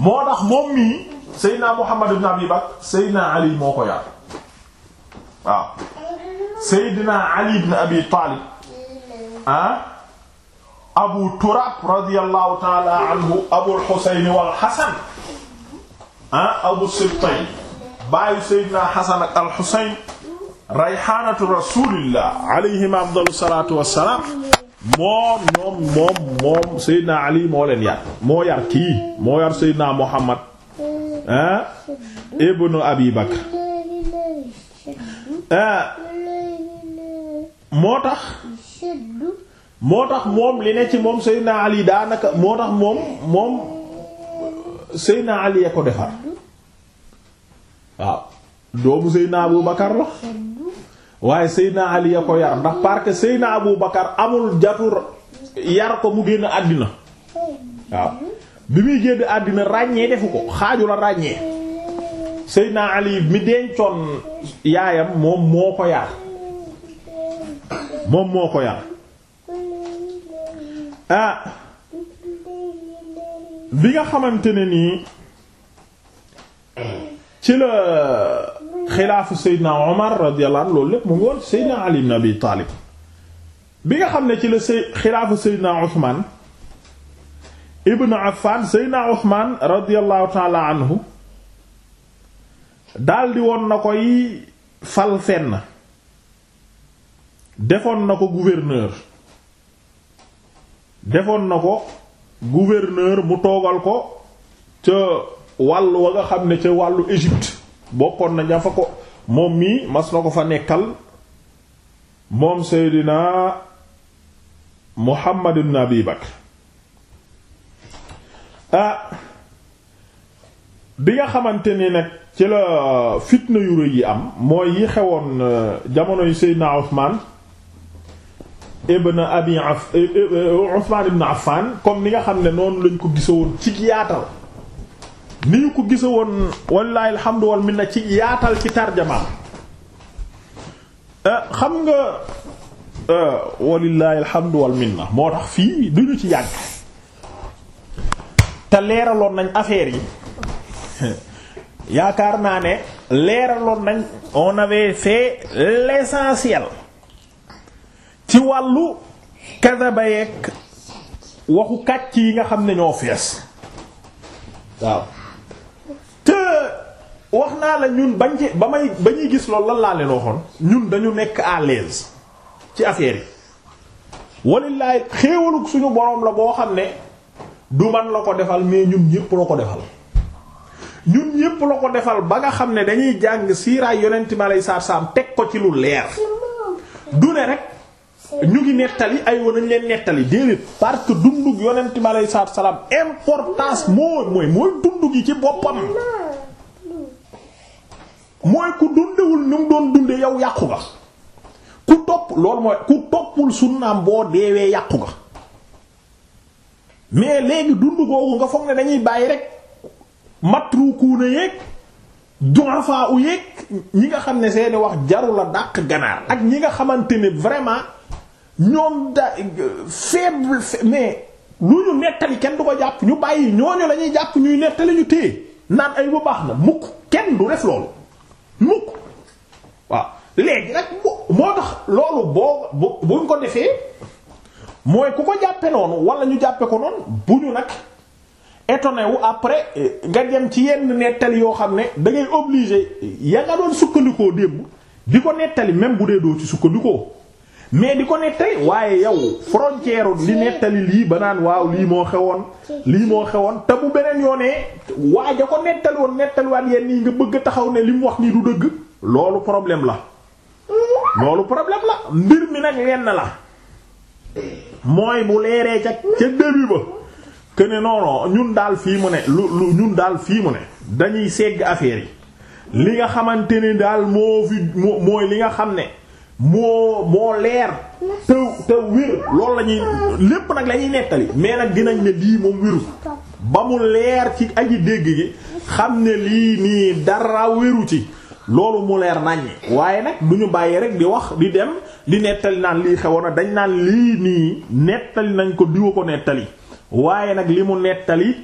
moo tax moom mii Seydina Muhammad ibn Abi Bakr Seydina Ali moo ko yar waaw Seydina Ali ibn Abi Talib ah Abu Turab radiyallahu ta'ala anhu Abul Husayn wal Hasan ah Abu Sibtayn baayu Seydina Hasan ak al Husayn rayhanatu rasulillah alayhima afdalu salatu wassalam moom ñoom moom moom Seydina Ali moo leen yar moo yar kii moo yar Seydina Muhammad ah ibnu Abi eh, moo tax moom li ne ci moom Seydina Ali daanaka moo tax moom moom Seydina Ali ya ko defar waaw doomu Seydina Abu Bakar la waaye Seydina Ali ya ko yar ndax parce que Seydina Abu Bakar amul jatur yar ko mu génn àddina waaw bi muy génn àddina ràññee defu ko xaaju la ràññee Seydina Ali mi dencoon yaayam moom moo ko yar moom moo ko yar ah bi nga xamante ne nii ci la xilaafu Seydina Omar radiyallahu anhu loolu lépp mu ngi woon Seydina Ali ibn Taalib bi nga xam ne ci la xilaafu Seydina Ousmane Ibn Affan Seydina Ousmane radiyallahu taala anhu daldi woon na koy fal fenn defoon na ko gouverneur defoon na ko gouverneur mu toogal ko ca wàll wa nga xam ne ca wàllu Égypte bokkoon na ña ko moom mii mas na ko fa nekkal moom Seydina Muhammad ibn Abi Bakr ah bi nga xamante ni nag ci la fitna yu yi am mooy yi xewoon eh, yu Seydina Usmaan ibn Abi Af eh, eh, Usmaan ibn Affan comme ni nga xam ne noonu lañ ko gisawoon ci yaatal ni ñu ko gise woon wallaahi alhamdu wal ci yaatal ci tarjamaan eh, xam nga eh, wallaahi alhamdu wal minna moo tax fii duñu ci yàgg te leeraloon nañ affaire yi yaakaar naa ne leeraloon nañ on avait fait l'essentiel ci wàllu kadaba yeeg waxu kàcc yi nga xam ne ñoo fees waaw wax naa la ñun bañ ci ba may ba ñuy gis loolu lan laa leen waxoon ñun dañu nekk à ci affaire yi walilaay xéewalug suñu borom la boo xam ne du man la ko defal mais ñun ñépp la ko defal ñun ñépp la ko defal ba nga xam ne dañuy jàng siiraay yonent mi alay saar saam teg ko ci lu leer du ne rek ñu ngi nettali ay woon nañ leen nettali déedéet parce que dundug yonent mi alay salaam importance mooy mooy mooy dundug yi ci boppam mooy ku dundewul ni mu doon dunde yow yàqu nga ku topp loolu mooy ku toppul sunnaam boo deewee yàqu nga mais léegi dund googu nga foog ne dañuy bàyyi rek matrukuuna yeeg du'afa u yeeg ñi nga xam ne seeni wax jaru la dàq ganaar ak ñi nga xamante ne vraiment ñoom da faible mais lu ñu nettali kenn du ko jàpp ñu bàyyi ñooñu lañuy jàpp ñuy nettali ñu téye naan ay bu baax na mukk kenn du def loolu waaw léegi nag moo tax loolu boo buñ ko defee mooy ku ko jàppe noonu wala ñu jàppe ko noonu bu ñu nag étonné wu après eh, nga dem ci yenn nettali yoo xam ne da ngay obligé nga doon sukkandikoo démb di ko nettali même bu dee doo ci sukkandikoo mais di ko nettali waaye yow frontière li nettali lii ba naan waaw lii moo xewoon lii moo xewoon te mu beneen yoonee waaja ko nettali woon nettaliwaat yenn yi nga bëgg a taxaw ne li mu wax nii du dëgg loolu problème la loolu problème mbir mi nag lenn la mooy mu leeree ca ca début ba que ne ñun daal fii mu ne daal fii mu dañuy segg affaire yi li nga xamante ni daal moo fi mooy li nga xam ne moo moo leer te te wér loolu la lépp nag la nettali mais nag dinañ ne lii moom wéru ba mu leer ci aji dégg gi xam ne lii nii dara wéru ci loolu mu leer naññee waaye nag duñu bàyyi rek di wax di dem di nettali naan lii xewoon na dañ naan lii nii nettali nañ ko diwa ko nettali waaye nag li mu nettali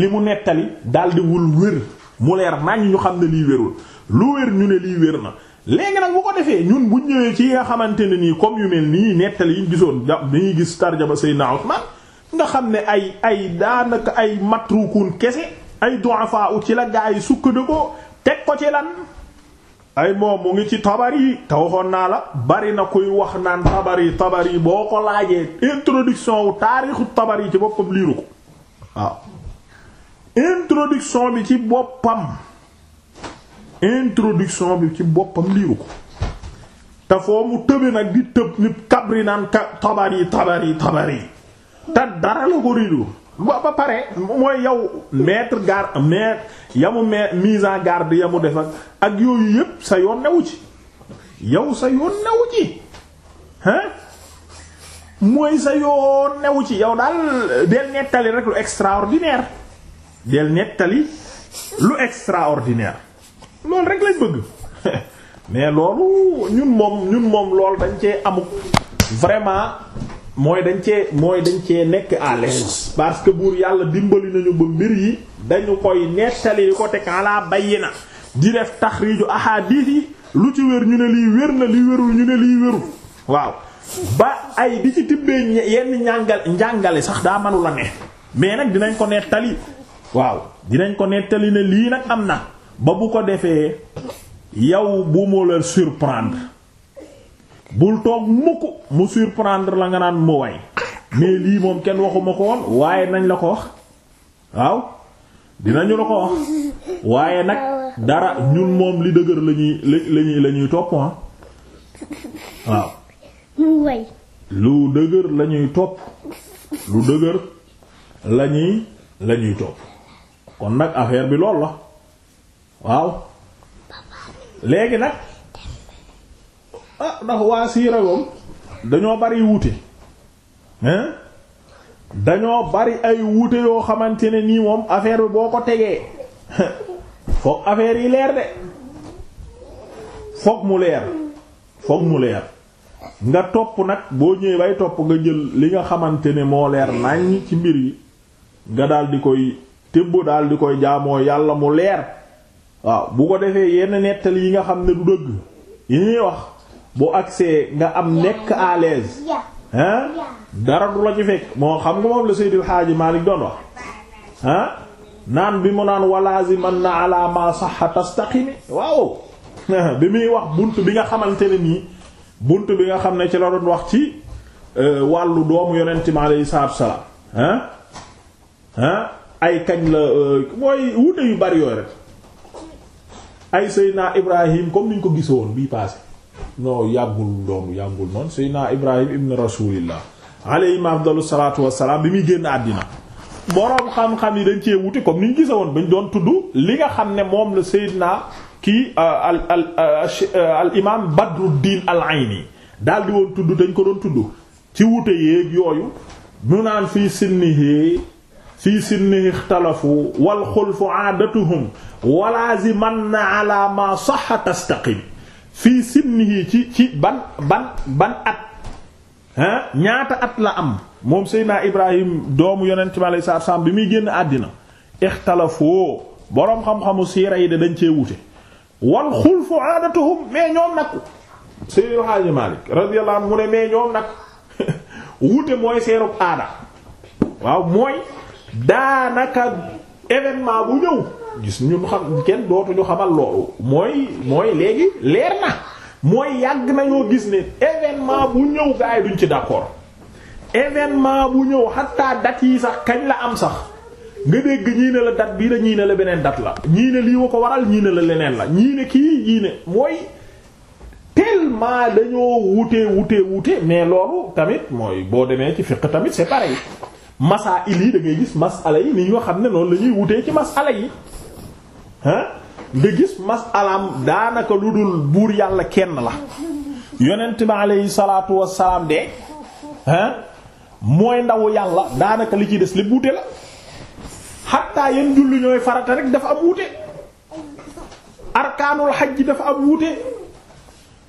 li mu nettali daldi wul wér mu leer naññ ñu xam ne lii wérul lu wér ñu ne lii wér na léegi nag bu ko defee ñun bu ñëwee ci nga xamante ne nii comme yu mel nii nettali yi ñu gisoon dañuy gis tarjaba Seydina Usman nga xam ne ay ay daanaka ay matrukun kese ay du'afa ci la gaa yi sukkandiku teg ko ci lan ay moom mu ngi ci tabari te waxoon naa la bari na kuy wax naan tabar yi boo ko laajee introduction wu taarixu tabari ci boppam liiru ko waaw introduction bi ci boppam introduction bi ci boppam liiru ko te foo mu tëbe nag di tëb ni kabri naan ka tabari tabari tabari te dara la ko riiru ba ba pare mooy yow mettre garde mettre yamu mettre mise en garde yamu defak ak yooyu yépp sa yoon newu ci yow sa yoon newu ci hein sa yoon newu ci yow daal del nettali rek lu extraordinaire del nettali lu extraordinaire loolu rek lañ bëgg mais loolu ñun moom ñun moom loolu dañ cee amuk vraiment mooy dañ cee mooy dañ cee nekk à l'aise parce que buur yàlla dimbali nañu ba mbir yi dañu koy nettali di ko teg ala na di def tax taxriiju ahadith yi lu ci wér ñu ne lii wér na li wérul ñu ne lii wérul waaw ba ay bi ci tibbee yenn njàngal njàngale sax daa mënu la ne mais nag dinañ ko nettali waaw dinañ ko nettali ne lii nag am na ba bu ko defee yow bu mu la surprendre bul toog mukk mu surprendre la nga naan mu way mais lii moom kenn waxuma ko waaye nañ la ko wax waaw dinañu la ko wax waaye nag dara ñun moom li dëgër lañuy lañuy lañuy topp ah waaw lu dëgër lañuy topp lu dëgër lañuy lañuy topp kon nag affaire bi lool la waaw léegi nag ah ndax waa siira yoom dañoo bari wuute dañoo bari ay wuute yoo xamante ne nii moom affaire bi boo ko tegee foog affaire yi leer de foog mu leer foog mu leer nga topp nag boo ñëwee bay topp nga jël li nga xamante ne moo leer nañ ci mbir yi nga daal di koy tëbb daal di koy jaamoo yàlla mu leer waaw bu ko defee yenn nettali yi nga xam ne du dëgg yi ñuy wax bu agsee nga am nekk à l'aise dara du la ci fekk moo xam nga moom la Seydil Haaji Malik doon wax naan bi mu naan walaaziman na ala ma sahha tastaqimi waaw bi muy wax bunt bi nga xamante ne nii bunt bi nga xam ne ci la doon wax ci euh, wàllu doomu yonent mi alayhi salaatu salaam ay kañ la euh, mooy wuute yu bari yooyu rek ay Seydina Ibrahim comme niñ ko gisoon bii passé non yàggul doonu yàggul noonu seydina ibrahim ibn rasulillah alayhi afdalu salaatu wassalaam bi muy génn àddina boroom xam-xam yi dañ cee wuti comme ni ñu gisa woon bañ doon tudd li nga xam ne moom la seydina kii euh, al al euh, al imaam badruddin al ayni daal di woon tudd dañ ko doon tudd ci wute yéeg yooyu mu naan fii sinnihi fii sinnihi ixtalafu wal xulfu aadatuhum walaazimanna ala ma saxa tastaqim fii sinnihi ci ci ban ban ban at ñaata at la am moom Seydina Ibrahim doomu yonent bi alayhi salaatu salaam bi muy génn àddina ixtalafoo boroom xam-xamu siira yi de dañ cee wute wal xulfu aadatuhum mais ñoom nag Seydil Haaji Maalik mu ne mais ñoom nag wute mooy seenub aada waaw mooy daanaka événement bu ñëw gis ñun xam kenn dootuñu xamal loolu mooy mooy léegi leer na mooy yàgg nañoo gis ne événement bu ñëw gaa duñ ci d'accord événement bu ñëw xataa dat yi sax kañ la am sax nga dégg ñii ne la date bii la ñii la beneen date la ñii ne lii wa ko waral ñii la leneen la ñii ne kii ñii mooy mooy tellement dañoo wutee wutee wute mais loolu tamit mooy boo demee ci fiq tamit c'est pareil masaa il yi da ngay gis masala yi ni ñoo xam ne loolu la ñuy wutee ci masala yi da gis masalaam daanaka lu dul buur yàlla kenn la yonent bi aleyhi salaatu wassalaam de mooy ndawu yàlla daanaka li ci des lépp wuute la xatta yan julli ñooy farata rek dafa am wuute arkaanul xaj dafa am wuute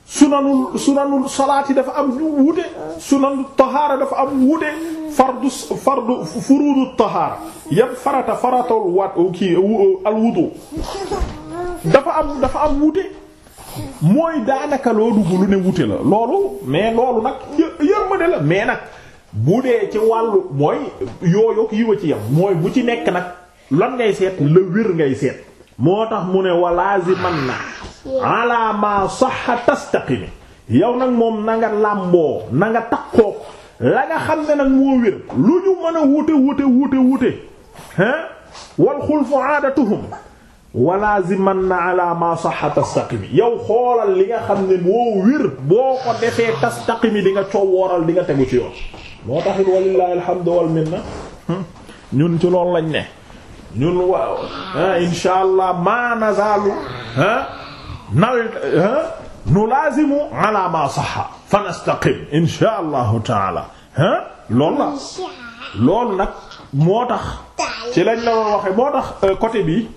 sunanul sunanul salaati dafa am wuute sunanul tahaara dafa am wuute fardu fardu furuudu tahaara yan farata faratal waat kii al dafa am dafa am wute mooy daanaka loo dugg lu ne wute la loolu mais loolu nag yërmande la mais nag bu dee ci wàllu mooy yooyu yiwa ci yam mooy bu ci nekk nag lan ngay seet la wér ngay seet moo tax mu ne man na ala ma sahha yow nag moom nanga nga làmboo na nga la nga xam ne nag moo wér lu ñu mën a wute wute wute wute hein wal xulfu aadatuhum walaaziman na ala ma sahata staqimi yow xoolal li nga xam ne moo wér boo ko defee tastaqimi di nga coow di nga tegu ci yoon moo taxit walillahi alhamdu wal minna hmm? ñun ci loolu lañ ne ñun waaw insha allah ma nazalu ha nal ha nu lazimu ala ma saxa fa nastaqim insha allahu taala ah loolu la loolu nag moo tax ci lañ la doon waxe moo tax euh, côté bi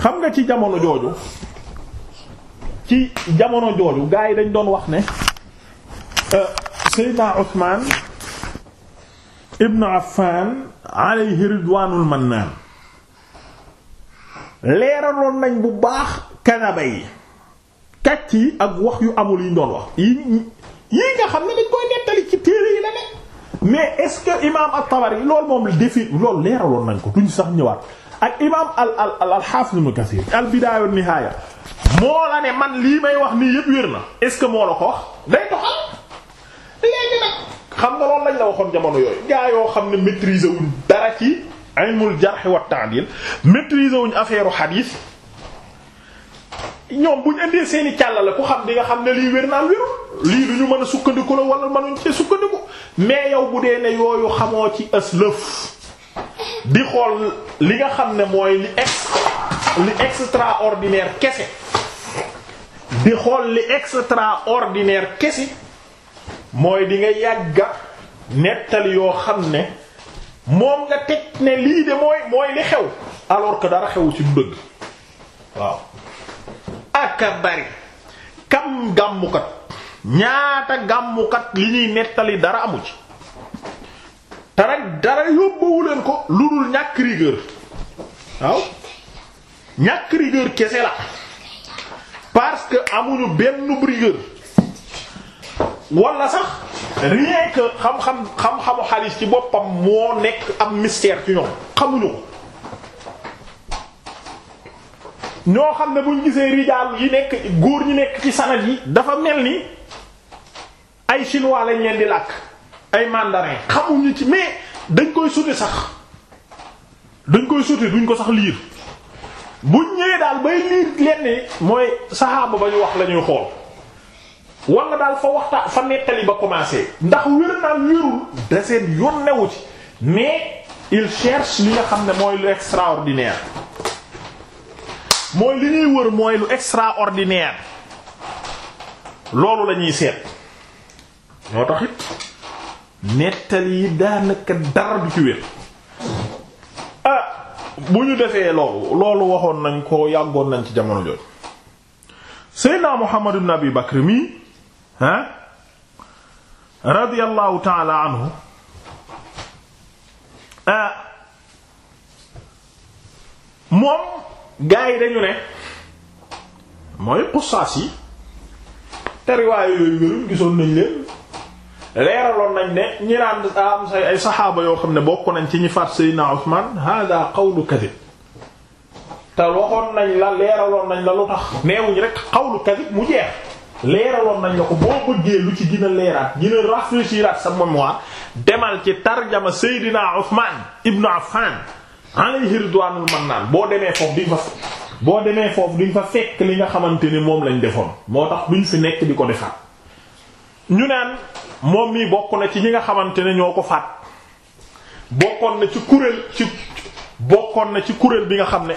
xam nga ci jamono jooju ci jamono jooju gars yi dañ doon wax ne euh, Seydina Usmaan ibn Affan alayhi ridwanul mannaan leeraloon nañ bu baax kanaba yi kàcc yi ak wax yu amul yi ñu doon wax yi yii nga xam ne dañ koy nettali ci téere yi la ne mais est-ce que imam at-Tabari lool moom defi loolu leeraloon nañ ko duñ sax ñëwaat ak imam al al al al-Hafiz al-Bidaya wa an moo la ne man lii may wax nii yëpp wér na est-ce que moo la ko wax day doxal léegi nag xam nga loolu lañ la waxoon jamono yooyu gaa yoo xam ne maîtriser wuñ dara ci ilmul jarh wa ta'dil maîtriser wuñ affaire hadith ñoom buñ indee seeni i càlla la ku xam di nga xam ne lii wér naan lii lu ñu mën a sukkandiku la wala mënuñ ci sukkandiku mais yow bu dee ne yooyu xamoo ci aslëf di xool li nga xam ne mooy li ex li extraordinaire kese di xool li extraordinaire kese mooy di nga yàgga nettali yoo xam ne moom nga teg ne lii de mooy mooy li xew alors ko dara xewu ci dëgg waaw aka bari kam gàmmukat ñaata gàmmukat li ñuy nettali dara amu ci te rek dara yóbbawuleen ko lu dul ñàkk rigueur waaw ñàkk rigueur kese la parce que amuñu benn rigueur wala sax rien que xam-xam xam-xamu xaalis ci boppam moo nekk am mystère ci ñoom xamuñu ko ñoo xam ne buñ gisee rijaal yi nekk góor ñi nekk ci sanad yi dafa mel ni ay chinois ñeen di làkk ay mandarin xamuñu ci mais dañ koy sute sax dañ koy sute duñ ko sax liir buñ ñëwee daal bay liir lenn mooy saxaaba ba ñu wax lañuy ñuy xool walla daal fa waxta fa nettali ba commencé ndax wér naan wérul da seen yoon newu ci mais il cherche li nga xam ne mooy l'extraordinaire mooy li ñuy wër mooy lu extraordinaire loolu lañuy seet ñoo taxit it nettali yi daanaka dara du ci a ah, bu ñu defee loolu loolu waxoon nañ ko yàggoon nañ ci jamono jooju Seydina Muhammad ibn Abi Bakr mi ah radiyallahu taala anhu ah, moom gaa yi dañu ne mooy xusaas yi te riwaay yooyu wéruñ gisoon nañ leen leeraloon nañ ne ñi naan am ay saxaaba yoo xam ne bokk nañ ci ñi faat Seydina Usman hada qawlu kadib te waxoon nañ la leeraloon nañ la lu tax neewuñ rek qawlu kadib mu jeex leeraloon nañ la ko boo bëggee lu ci dina leeraat dina rafraîchiraat sa mémoire demal ci tarjama Seydina Usman ibnu Affan alayhi ridwaanul mannaan boo demee foofu di nga fa boo demee foofu di nga fa fekk li nga xamante ni moom lañ defoon moo tax ñu fi nekk di ko defaat ñu naan moom mii bokk na ci ñi nga xamante ne ñoo ko faat bokkoon na ci kuréel ci bokkoon na ci kuréel bi nga xam ne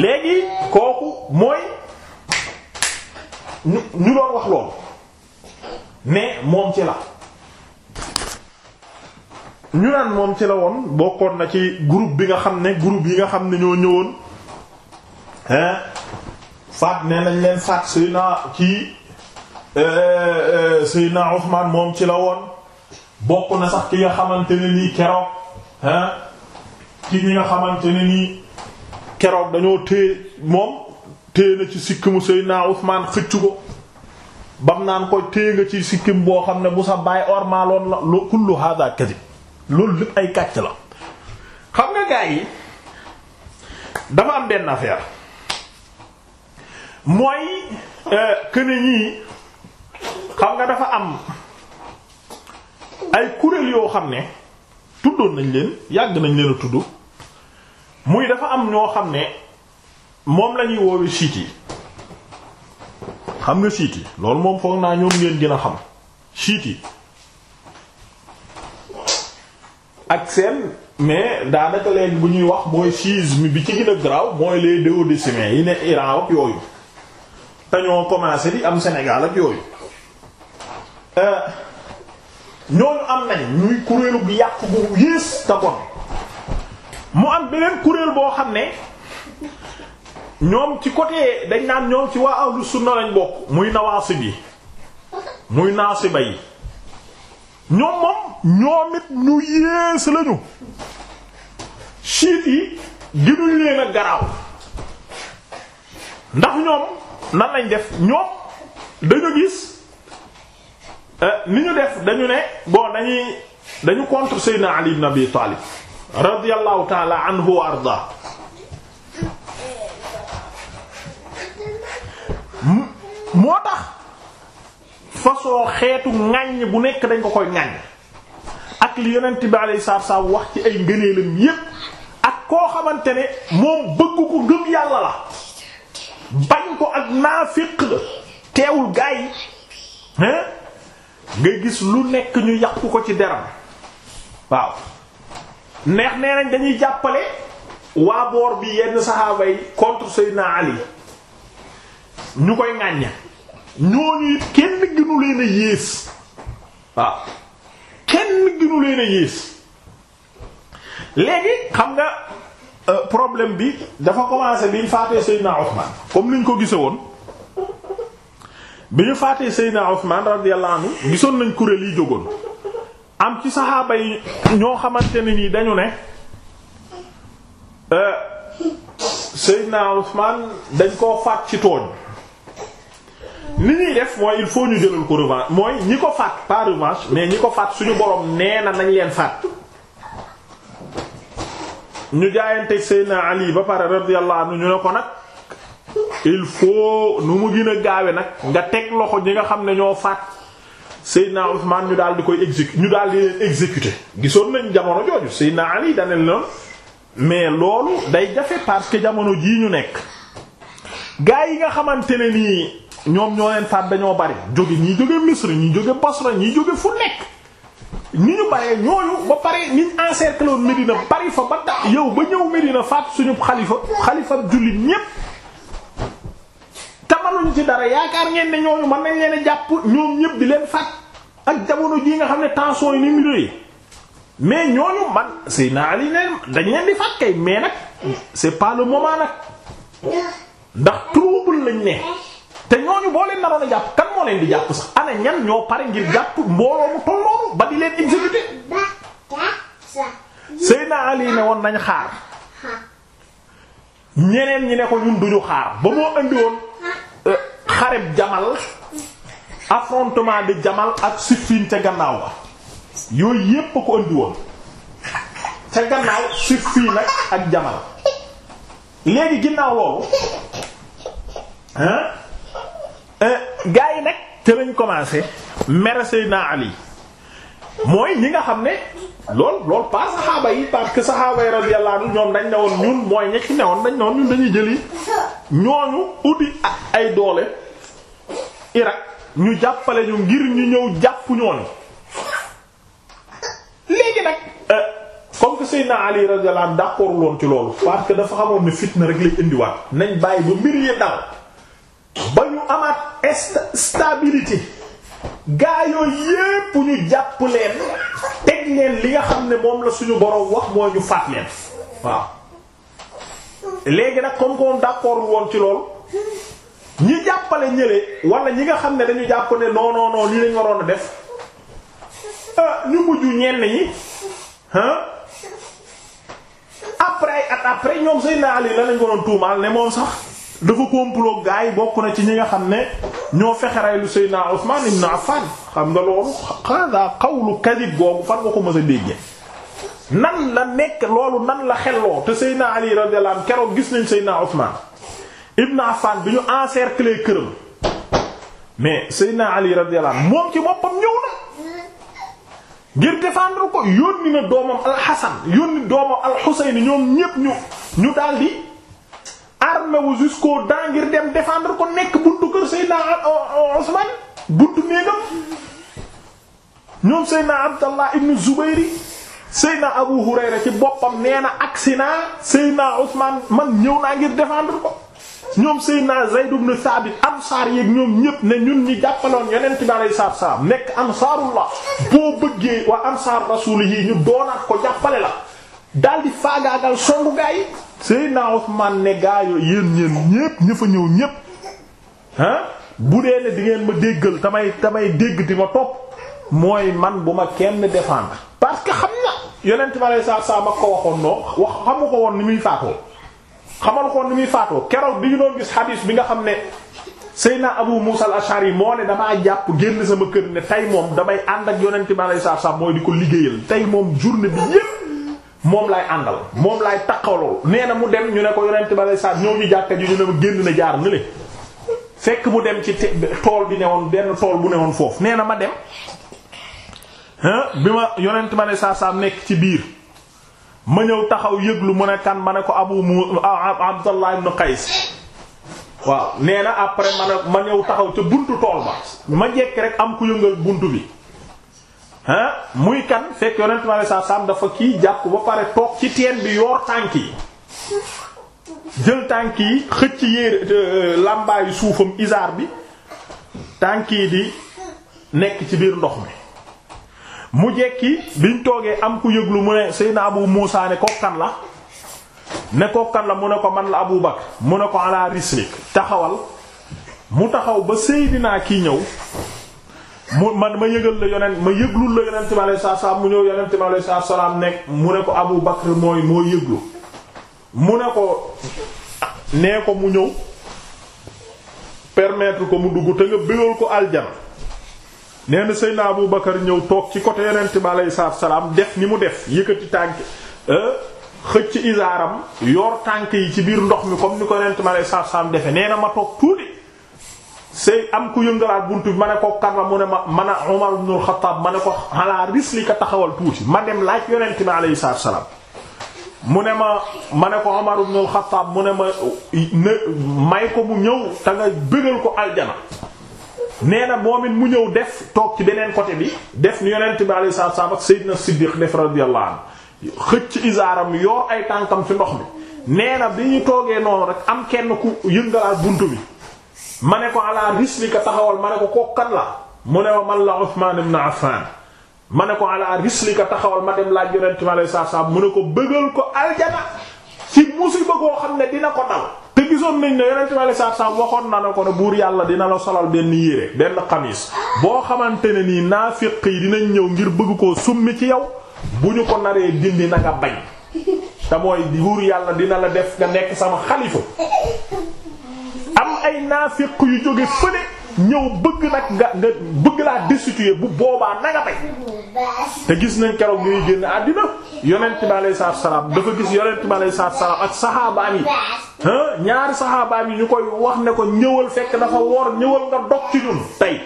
léegi kooku mooy ñu ñu doon wax loolu mais moom ci la ñu naan moom ci la woon bokkoon na ci groupe bi nga xam ne groupe yi nga xam ne ñoo ñëwoon hein faat ne nañ leen faat Seyna ci euh, euh, Seyna Ousmane moom ci la woon bokk na sax ki nga xamante ne nii keroog ki nga xamante ne nii keroog dañoo téye moom téye na ci sikkimu Seyna Ousmane xëcc ko bam naan ko téye nga ci sikkim boo xam ne bu sa baay ormaaloon la kullu hada kadib loolu lépp ay kàcc la xam nga gaa yi dafa am benn affaire mooy këne euh, ñii xam nga dafa am ay kuréel yoo xam ne tuddoon nañ leen yàgg nañ leen a tudd muy dafa am ñoo xam ne moom lañuy ñuy woowe siit yi xam nga siit yi loolu moom foog naa ñoom ngeen gën a xam siit yi ak seen mais daanaka leen bu ñuy wax mooy mi bi ci gën a graw mooy les duodécimains yi ne Iran ak yooyu te ñoo commencé di am Sénégal ak yooyu euh, ñooñu am nañ ñuy kuréelu bu yàq bu yées te mu am beneen kuréel boo xam ne ñoom ci côté dañ naan ñoom ci waa ahlu sunna lañ bokk muy nawaasib bi muy naasiba yi ñoom moom ñoom ñu yées lañu chiites yi ginuñ leen a garaaw ndax ñoom nan lañ def ñoom dañu gis eh, ni ñu def dañu ne bon dañuy dañu contre Seydina Ali ibn Abi Talib radiyallahu ta'ala anhu wa arda moo tax façon xeetu ŋàññ bu nekk dañ ko koy ŋàññ ak li yonent bi alayhi salaam wax ci ay ngëneelam yépp ak koo xamante ne moom bëgg ko gëm yàlla la bañ ko ak naafiq la teewul gaa yi nga gis lu nekk ñu yàqu ko ci deram waaw neex nee nañ dañuy jàppale waa boor bi yenn saxaaba yi contre Seydina Ali ñu koy ŋàññ ñooñu it kenn gënu leen yées waaw kenn gënu leen yées léegi xam nga euh, problème bi dafa commencé bi ñu faatee Seydina Ousmane comme ni ñu ko gise woon bi ñu faatee Seydina Ousmane radiyallahu anhu gisoon nañ kuréel yi jógoon am ci saxaaba yi ñoo xamante ne nii dañu ne euh, Seydina Ousmane dañ koo faat ci tooñ li ñuy def mooy il faut ñu jëlal ko revanche mooy ñi ko faat pas revanche mais ñi ko faat suñu borom nee na nañ leen faat ñu jaayante Seydina Ali ba pare radiyallahu anhu ñu ne ko nag il faut nu mu gën a gaawe nag nga teg loxo ñi nga xam ne ñoo faat Seydina Ousmane ñu daal di koy exécuter ñu daal di leen gisoon nañ jamono jooju Seydina Ali danel noonu mais loolu day jafe parce que jamono jii ñu nekk gaa yi nga xamante ne nii ñoom ñoo leen faat dañoo bari jóge ñii jóge Misr ñii jóge Basra ñii jóge fu nekk ni ñu bàyyee ñooñu ba pare niñ encerclé woon Medina bari fa ba da yow ba ñëw Medina faat suñu xalifa xalifa jullit ñépp tamaluñ ci dara yaakaar ngeen ne ñooñu man nañ leen jàpp ñoom ñépp di leen faat ak jamono jii nga xam ne tension yi ni mu rëy mais ñooñu man Seydina naa ne dañ leen di faat kay mais nag c'est pas le moment nag ndax trouble lañ ne te ñooñu boo leen na a jàpp kan moo leen di jàpp sax ana ñan ñoo pare ngir jàpp mbooloo mu tolloonu ba di leen exécuté Seydina Ali ne woon nañ xaar ñeneen ñi ne ko ñun duñu xaar ba moo indi woon euh, xareb Jamal affrontement de Jamal ak Siffin ca gannaaw ba yooyu yépp a ko indi woon ca gannaaw Siffin nag ak Jamal léegi ginnaaw loolu hein Euh, gaa yi nag te lañ commencé mere Seydina Ali mooy ñi nga xam ne lool lool pas saxaaba yi parce que saxaaba yi radiyallahu anhu ñoom dañ ne woon ñun mooy ñekki ne woon dañ ne woon ñun dañuy jëli uti uddi ay doole Irak ñu jàppale ñu ngir ñu ñëw jàpp ñooñu léegi nag euh, comme que Seydina Ali radiyallahu anhu woon ci loolu parce que dafa xamoon ne fitna rek lay indiwaat nañ bàyyi ba mbir yi dal ba ñu am stabilité gaa yooyu yépp ñu jàpp leen teg leen li nga xam ne moom la suñu boroom wax mooy ñu faat leen waaw léegi nag comme comme d'accord woon ci lool ñi jàppale ñële wala ñi nga xam ne dañu jàpp ne non non non li lañ waroon a def ah, ñu mujj ñenn yi ah après at après ñoom Seydina Ali la lañ waroon tuumaal ne moom sax. dafa complot gaa bokk na ci ñi nga xam ne ñoo fexe rey lu Seydina Usman ibn Affan xam nga loolu hada qawlu kadib boobu fan nga ko mës a nan la nekk loolu nan la xelloo te Seydina Ali radiyallahu keroog gis nañ Seydina Usman ibn Affan bi ñu encercler këram mais Seydina Ali radiyallahu anhu moom ci boppam ñëw na ngir défendre ko yónni na doomam al yónni doomam al ñoom ñépp ñu ñu daldi armé wu jusqu'aux dents ngir dem défendre ko nekk buntu kër Seydina Ousmane buntu néegam ñoom Seydina Abdallah ibn Zubayri Seydina Abu Hurayra ci boppam nee na agsi naa Seydina Ousmane man ñëw naa ngir défendre ko ñoom Seydina Zayd ibn Thabit ansaar yeeg ñoom ñépp ne ñun ñi jàppaloon yonent bi alayhi salaatu salaam nekk ansaarullah boo bëggee waa ansaar rasuul ñu doonaat ko jàppale la daal di faagaagal songu gaa yi Seydina Usmaan ne gaa yo yéen ñeen ñépp ña ñëw ñépp ah bu dee ne di ngeen ma déggal tamay tamay dégg di ma topp mooy man bu ma kenn défendre parce que xam na yonent ma lay saa saa ma ko waxoon noo wax xamu ko woon ni muy faatoo xamal ko woon ni muy faatoo keroog bi ñu doon gis xadiis bi nga xam ne Seydina Abu Muusa al-Ashari moo ne damaa jàpp génn sama kër ne tey moom damay ànd ak yonent ma lay saa saa mooy di ko liggéeyal tey moom journée bi moom laay àndal moom laay taxawloo nee na mu dem ñu ne ko yonent ba lay saat ñoo ngi jàkka ji ñu ma génn na jaar na fekk mu dem ci tool bi ne benn tool bu ne foofu nee na ma dem bi ma yonent ba lay saat nekk ci biir ma ñëw taxaw yëglu mu ne kan ma ne ko abu mu Abdallah ibn Qais waaw nee na après ma ne ma ñëw taxaw ca buntu tool ba ma jekk rek am ku yëngal buntu bi ah muy kan fekk yonent mi alayhi salaam dafa kii jàpp ba pare toog ci teen bi yoor tànk yi jël tànk yi xëcc yéer euh, euh, làmbaayu suufam isaar bi tànk yi di nekk ci biir ndox mi mu jekki biñ toogee am ku yëglu mu ne Seydina Abu Muusa ne kokkan la ne kokkan la mu ne ko man la Abu Bakr mu ne ko ala rislik taxawal mu taxaw ba Seydina kii ñëw mu man ma yëgal la yonent ma yëglul la yonent bi alayhi salaatu salaam mu ñëw yonent bi alayhi salaatu salaam nekk mu ne ko Abu Bakr mooy moo yëglu mu ne ko ne ko mu ñëw permettre ko mu dugg te nga bégal ko aljana nee na Seydina Abu Bakr ñëw toog ci côté yonent bi alayhi salaatu salaam def ni mu def yëkkati tànk euh, xëcc isaaram yor tànk yi ci biir ndox mi comme ni ko yonent ma alayhi salaatu defe nee na ma toog tuuti sëy am ku yëngalaat bunt bi ma ne ko kan la mu ne ma man a Umar ibn ma ne ko ala risli ka taxawal tuuti ma dem laaj yonent bi alayhi salaam mu ne ma ma ne ko Umar ibn al-Khattab mu ne ma may ko mu ñëw te nga bëggal ko aljana nee na moom mu ñëw def toog ci beneen côté bi def ni yonent bi alayhi salaam ak Seydina Siddiq def radiyallahu anhu xëcc isaaram yor ay tànkam ci ndox mi nee na bi ñu toogee noonu rek am kenn ku yëngalaat bunt bi. ma ne ko ala rislika taxawal ma ne ko kooku kan la mu ne ma man la Usmaan ibn Affaan ma ne ko ala rislika taxawal ma dem laaj yonent mi alayhi saa mu ne ko bëggal ko aljana ci musiba koo xam ne dina ko dal te gisoon nañ ne yonent mi alayhi salaatu salaam waxoon na ne ko ne buur yàlla dina la solal benn yére benn xamiis boo xamante ne nii naafiq yi dinañ ñëw ngir bëgg koo summi ci yow bu ñu ko naree dindi na nga bañ te mooy buur yàlla dina la def nga nekk sama xalifa ay naafiq yu jóge fële ñëw bëgg nag nga nga bëgg laa destituer bu boobaa na nga bay te gis nañ keroog bi ñuy génn àddina yonent bi alayhi salaatu salaam dafa gis yonent bi alayhi salaatu salaam ak saxaabaam yi ñaari saxaabaam yi ñu koy wax ne ko ñëwal fekk dafa woor ñëwal nga dog ci ñun tey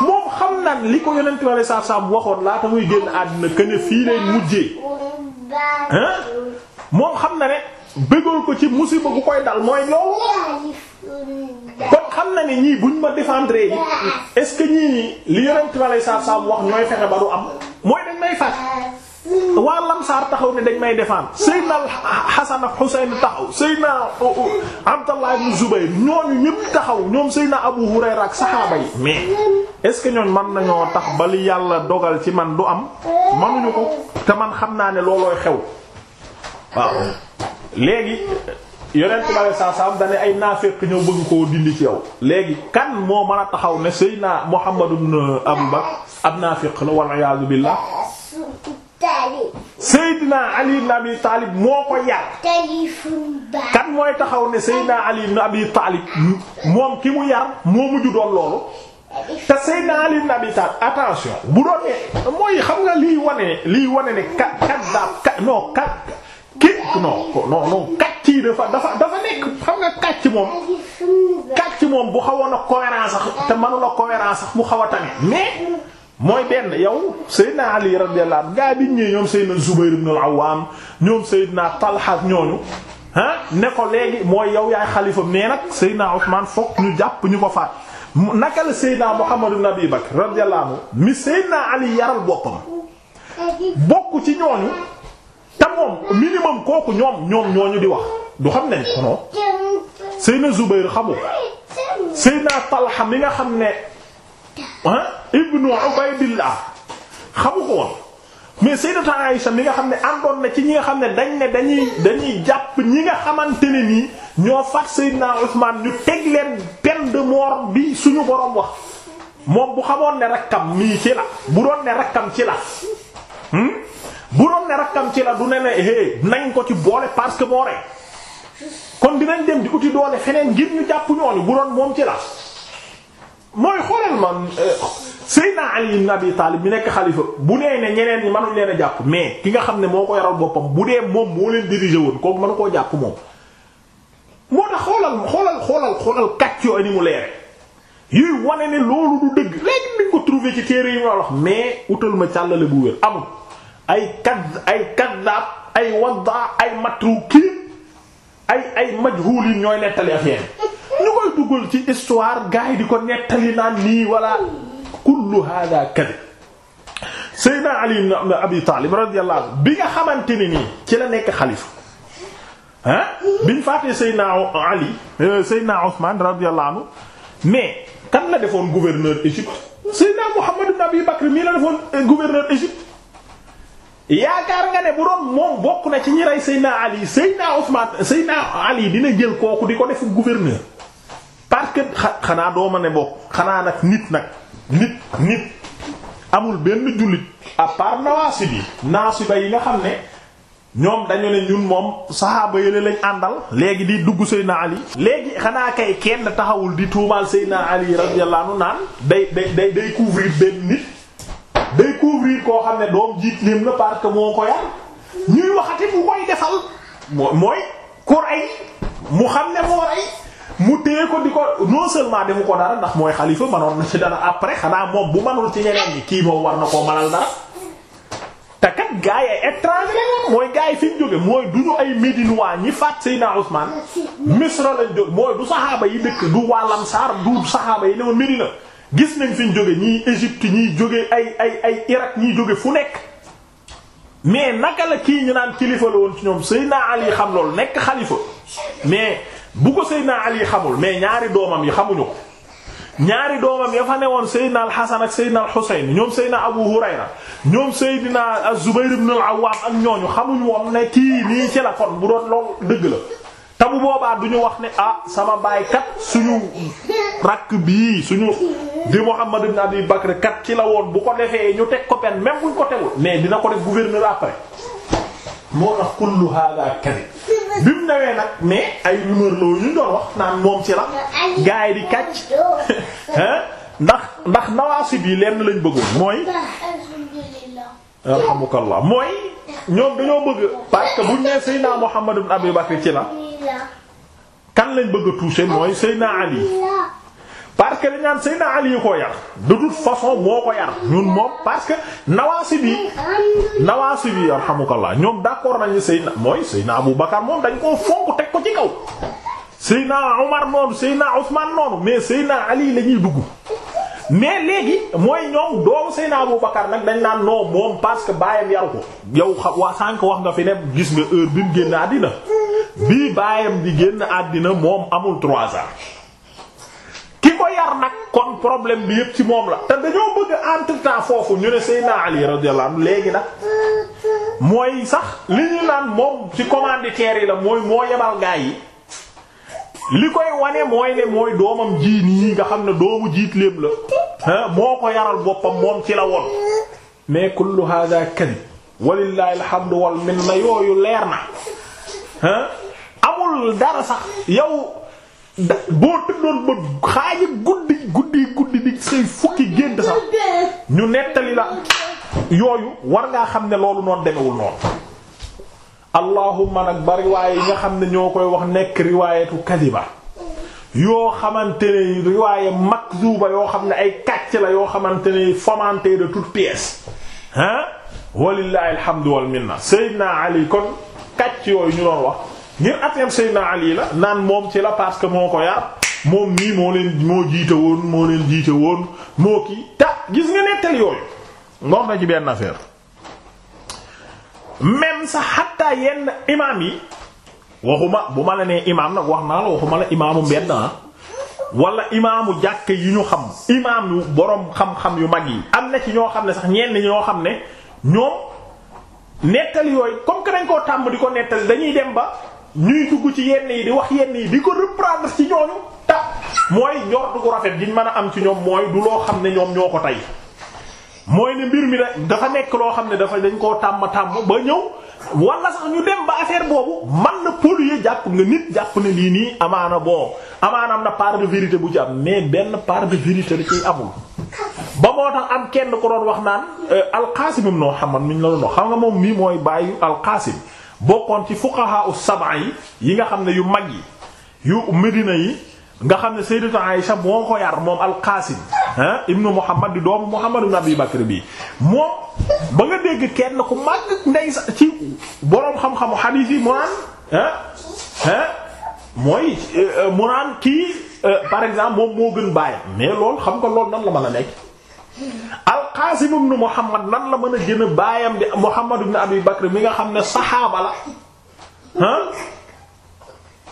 moom xam naan li ko yonent bi alayhi salaatu salaam waxoon laata muy génn àddina que fii lay mujjee moom xam na ne bëggoon ko ci musiba gu koy dal mooy loolu kon xam na ni ñii buñ ma défendre yi est-ce que ñii ñi li yonent ma lay saab wax ñooy fexe ba du am mooy dañ may faat waa lamsaar taxaw ne dañ may defaan défendre Seydina Hasan ak Husayn taxaw Seydina uh, uh, Abdallah ibn Zubayr ñooñu ñëpp taxaw ñoom Seydina Abu Hurayra ak saxaaba yi mais est-ce que ñooñ man nañoo tax ba li yàlla dogal ci man du am mënuñu ko te man xam naa ne loolooy xew léegi yonent bi alei saat salaam dane ay naafeq ñëw bëgg koo dindi ci yow léegi kan moo mën a taxaw ne Seydina Muhammad ibn Abu Bakr ab naafeq la wal iyaazu billah Seydina Ali ibn Taalib moo taxaw ne Seydina Ali ibn Abi Taalib moom ki mu yar moo mujj doon loolu te Seydina Ali ibn Taalib attention bu doon ne mooy xam nga liy wane liy wane ne ka kat daal ka non kat képp non non non kàcc yi dafa dafa dafa nekk xam nga kàcc moom kàcc moom bu xawoon a cohérence sax te mënula la sax mu xaw a tane mais mooy benn yow Seydina Ali radiyallahu anhu gaa bi ñëwee ñoom Seydina Zubayr ibn al-Awwam ñoom Seydina Talha ñooñu ah ne ko léegi mooy yow yaay xalifa mais nag Seydina Usman fokk ñu jàpp ñu ko faat naka la Seydina Muhammad ibn Abi Bakr radiyallahu anhu mi Seydina Ali yaral boppam bokk ci ñooñu. moom minimum kooku ñoom ñoo ñu di wax du xam nañ ko non Seyna Zubayr xamu Seyna Talha mi nga xam ne ah Ibnu Ubaydillah xamu ko woon mais Sayyidatu Aisha mi nga xam ne àndoon na ci ñi nga xam ne dañ ne dañuy dañuy jàpp ñi nga xamante ne nii ñoo faat Sayyidna Usman ñu teg leen peine de mort bi suñu borom wax moom bu xamoon ne rakkam nii ci la bu doon ne rakkam ci la. Hmm? bu doon ne rakkam ci la du ne hé nañ ko ci boole parce que boore kon dinañ dem di uti doole feneen ngir ñu jàpp ni bu doon moom ci la mooy xoolal man euh, Seydina Ali ibn Abi Talib mi nekk xalifa bu nee ne ñeneen ñi mënuñ leen a jàpp mais ki nga xam ne moo ko yaral boppam bu dee moom moo leen diriger woon kooku mënu koo jàpp moom moo tax xoolal xoolal xoolal xoolal kàcc yooyu ni mu leere yuy wane ne loolu du dëgg léegi ni ko trouvé ci téere yi ma wax mais utal ma càllale bu wér amul ay kad ay kaddaab ay waddaa ay matruukiin ay ay majhuuliin ñooy nettali affaire ñu koy dugal ci histoire gars yi di ko nettali naan nii wala kullu hada kadib Seydina Ali ibn Abi Taalib radiyallahu anhu bi nga xamante ne nii ci la nekk xalifa ah biñ faatee Seydina Ali euh, Seydina Ousmane radiyallahu anhu mais kan la defoon gouverneur Égypte Seydina Muhammad ibn Abi Bakr mii la defoon euh, gouverneur Égypte yaakaar nga ne bu doon moom bokk na ci ñi rey Seyna Ali Seyna Ousmane Seyna Ali dina jël kooku di ko def gouverneur park que xanaa dooma ne bokk xanaa nag nit nag nit nit amul benn jullit à part nawaasi bi naasiba yi nga xam ne ñoom dañu ne ñun moom saxaaba yële lañ àndal léegi di dugg Seyna Ali léegi xanaa kay kenn taxawul di tuumaal Seyna Ali radiyallahu anhu naan day day day day benn nit koo xam ne doom jiit lim la parce que moo ko yar ñuy waxati mu koy defal mooy ku rey mu xam ne moo rey mu téye ko di ko non seulement defu ko dara ndax mooy xalifa manoon na ci dara après xanaa moom bu manul ci ñeneen ñi kii moom war na koo manal dara te kat gars yi ay étranger mooy gars yi jóge mooy du ñu ay Médinois ñi faat Seydina Ousmane Misra lañ jóg mooy du saxaaba yi dëkk du waa Lamsaar du saxaaba yi ne woon Médina gis nañ fi ñu jóge ñii Égypte ñii jóge ay ay ay Irak ñii jóge fu nekk mais naka la kii ñu naan kilifa la woon ci ñoom Seydina Ali xam loolu nekk xalifa mais bu ko Seydina Ali xamul mais ñaari doomam yi xamuñu ko ñaari doomam ya fa newoon Seydina Al Hasan ak Seydina Al Husayn ñoom Seydina Abu Hurayra ñoom Seydina Az-Zubayr ibn Al Awwam ak ñooñu xamuñu woon ne kii nii ci bu doon loolu dëgg la te boobaa du ñu wax ne ah sama baay kat suñu rakk bii suñu di Muhammad ibn Abi Bakr kat ci la woon bu ko defee ñu teg ko pen même buñ ko tegul mais dina ko def gouverneur après moo tax kullu hada kadib bi mu newee nag mais ay rumeur loo ñu wax naan moom ci la gars yi di kàcc ndax ndax nawaasib yi lenn lañ bëggoon mooy alhamdulilah mooy ñoom dañoo bëgg parce que buñ nee Seydina Muhammad ibn Abi Bakr ci la kan lañ bëgg a mooy Seyna Ali parce que li ñaan Seyna Ali yi koo yar de toute façon moo ko yar ñun moom parce que nawaasi bi nawaasi bi yarhamukallah ñoom d'accord nañu Seyna mooy Seyna Abu Bakar moom dañ koo fonk teg ko ci kaw Seyna Omar noonu Seyna Ousmane noonu mais Seyna Ali lañuy dugg mais léegi mooy ñoom doomu Seydina Abu Bakar nag dañ naan non moom parce que bàyyam yaru ko yow xam waa sànq wax nga fi ne gis nga heure bi mu génn àddina bii bàyyam di génn àddina moom amul trois ans ki ko yar nag kon problème bi yëpp ci moom la te dañoo bëgg entre temps foofu ñu ne Seydina Ali radiyallahu anhu léegi nag mooy sax li ñu naan moom ci commanditaire yi la mooy moo yebal gaa yi li koy wane mooy ne mooy doomam ji nii nga xam ne doomu jiit lépp la ah moo ko yaral boppam moom ci la won mais kullu hada kadib walillahi alhamdu wal ma yooyu leer na ah amul dara sax yow boo tëddoon ba xaaji guddi guddi guddi di say fukki gént sax ñu nettali la yooyu war ngaa xam ne loolu noonu demewul noonu allahumma nag ba riwaay yi nga xam ne ñoo koy wax nekk riwaayatu kadiba yoo xamante ne riwaaye makzuba yoo xam ne ay kàcc la yoo xamante ne fomenté de toutes pièces ah walillahi alhamdu wal minna Ali kon kàcc yooyu ñu doon wax ngir atem Seydina Ali la naan moom ci la parce que moo ko yar moom nii moo leen moo jiite woon moo leen jiite woon moo kii ta gis nga nettali yooyu ngox na ci benn affaire même sa xatta yenn imaam yi waxuma bu ma la nee imaam nag wax naa la waxuma la imaamu mbedd ah wala imaamu jàkk yi ñu xam imaam yu boroom xam-xam yu mag yi am na ci ñoo xam ne sax ñenn ñoo xam ne ñoom nettali yooyu comme que dañ koo tàmm di ko nettali dañuy dem ba ñuy dugg ci yenn yi di wax yenn yi di ko reprendre ci ñooñu ta mooy njort rafet diñ mën a am ci ñoom mooy du loo xam ne ñoom ñoo ko tey mooy ne mbir mi rek dafa nekk loo xam ne dafa dañ koo tàmm tàmm ba ñëw wala sax ñu dem ba affaire boobu man na polluer jàpp nga nit jàpp ne lii nii amaana bon amaana am na part de vérité bu ci am mais benn part de vérité la ciy amul. ba moo tax am kenn ko doon wax naan euh, alqaasim ibn xam mi ñu la doon wax xam nga moom mii mooy bàyyi alqaasim bokkoon ci fuqaha us yi yi nga xam ne yu mag yi yu Medina yi. nga xam ne sayyidatu Aisha moo ko yar moom al-Qasim ah ibnu Muhammad di doomu Muhammad ibn Abi Bakr bi moo ba nga dégg kenn ku màgg ndey sa ci boroom xam-xamu hadith yi mu naan ah mooy euh, mu naan kii euh, par exemple moom moo gën bàyyi mais loolu xam nga loolu nan la mën a nekk al-Qasim ibn Muhammad nan la mën a jën a baayam di Muhammad ibn Abi Bakr mi nga xam ne saxaaba la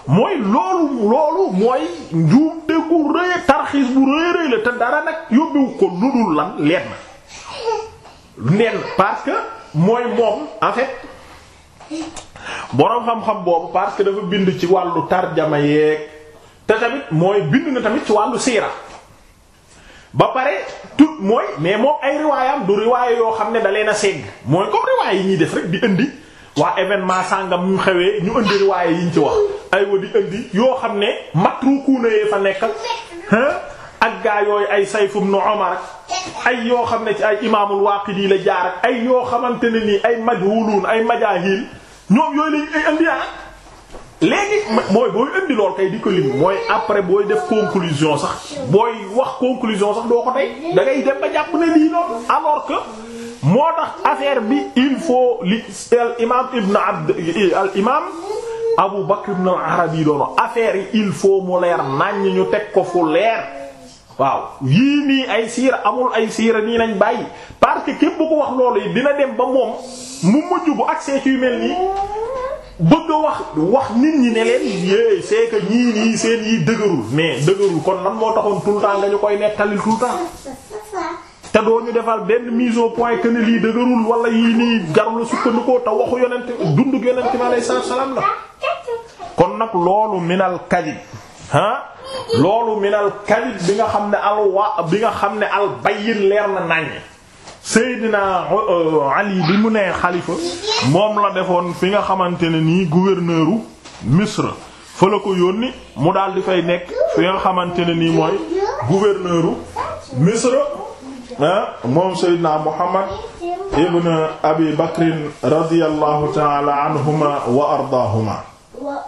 mooy loolu loolu mooy njuum déggu rëy tarxiis bu rëy rëy la te dara nag yóbbuwu ko lu dul lan leen nen parce que mooy moom en fait boroom xam-xam boobu parce que dafa bind ci wàllu tarjama yeeg te tamit mooy bind na tamit ci wàllu siira ba pare tout mooy mais moom ay riwaayam du riwaaya yoo xam ne da leen a segg mooy comme riwaaya yi ñuy def rek bi indi waa événement sàngam ñu xewee ñu indi riwaaye yiñ ci wax ay wa di indi yoo xam ne matrukuuna yee fa nekk ak gaa yooyu ay Sayf ibn Umar ay yoo xam ne ci ay imaamul Waaqidi la jaar ak ay yoo xamante ne nii ay majhuluun ay majaahil ñoom yooyu lañ ay indi ah léegi mooy booy indi lool kay di ko lim mooy après booy def conclusion sax booy wax conclusion sax doo ko tey da dem ba jàpp ne lii noonu alors que moo tax affaire bi il faut li al imaam ibn abd al imaam Abu Bakr ibn al Arabi doon affaire yi il faut mu leer naññ ñu teg ko fu leer waaw yii nii ay siira amul ay siira nii nañ bàyyi parce que képp ko wax loolu yi dina dem ba moom mu mujj bu accès ci yu mel nii bëgg a wax wax nit ñi ne leen yéey c'est ñii nii seen yi dëgërul mais dëgërul kon lan moo taxoon tout le nga ñu koy nettalil tout te doo ñu defal benn mise au point que ne lii dëgërul wala yii nii jarul la sukkandikoo te waxu yonent dunduk yonent bi alayhi salaam la. kon nag loolu minal kadib ah loolu minal kadib bi nga xam ne al wa bi nga xam ne al bayyin leer na naññe. Seydina euh, Ali bi mu nee xalifa moom la defoon fi nga xamante ne nii gouverneuru Misr fa la ko yónni mu daal di fay nekk fi nga xamante ne nii mooy gouverneuru Misr. Ah, moom Seydina Muhammad ibn Abi Bakrin radiyallahu ta'ala anhuma wa ardaahuma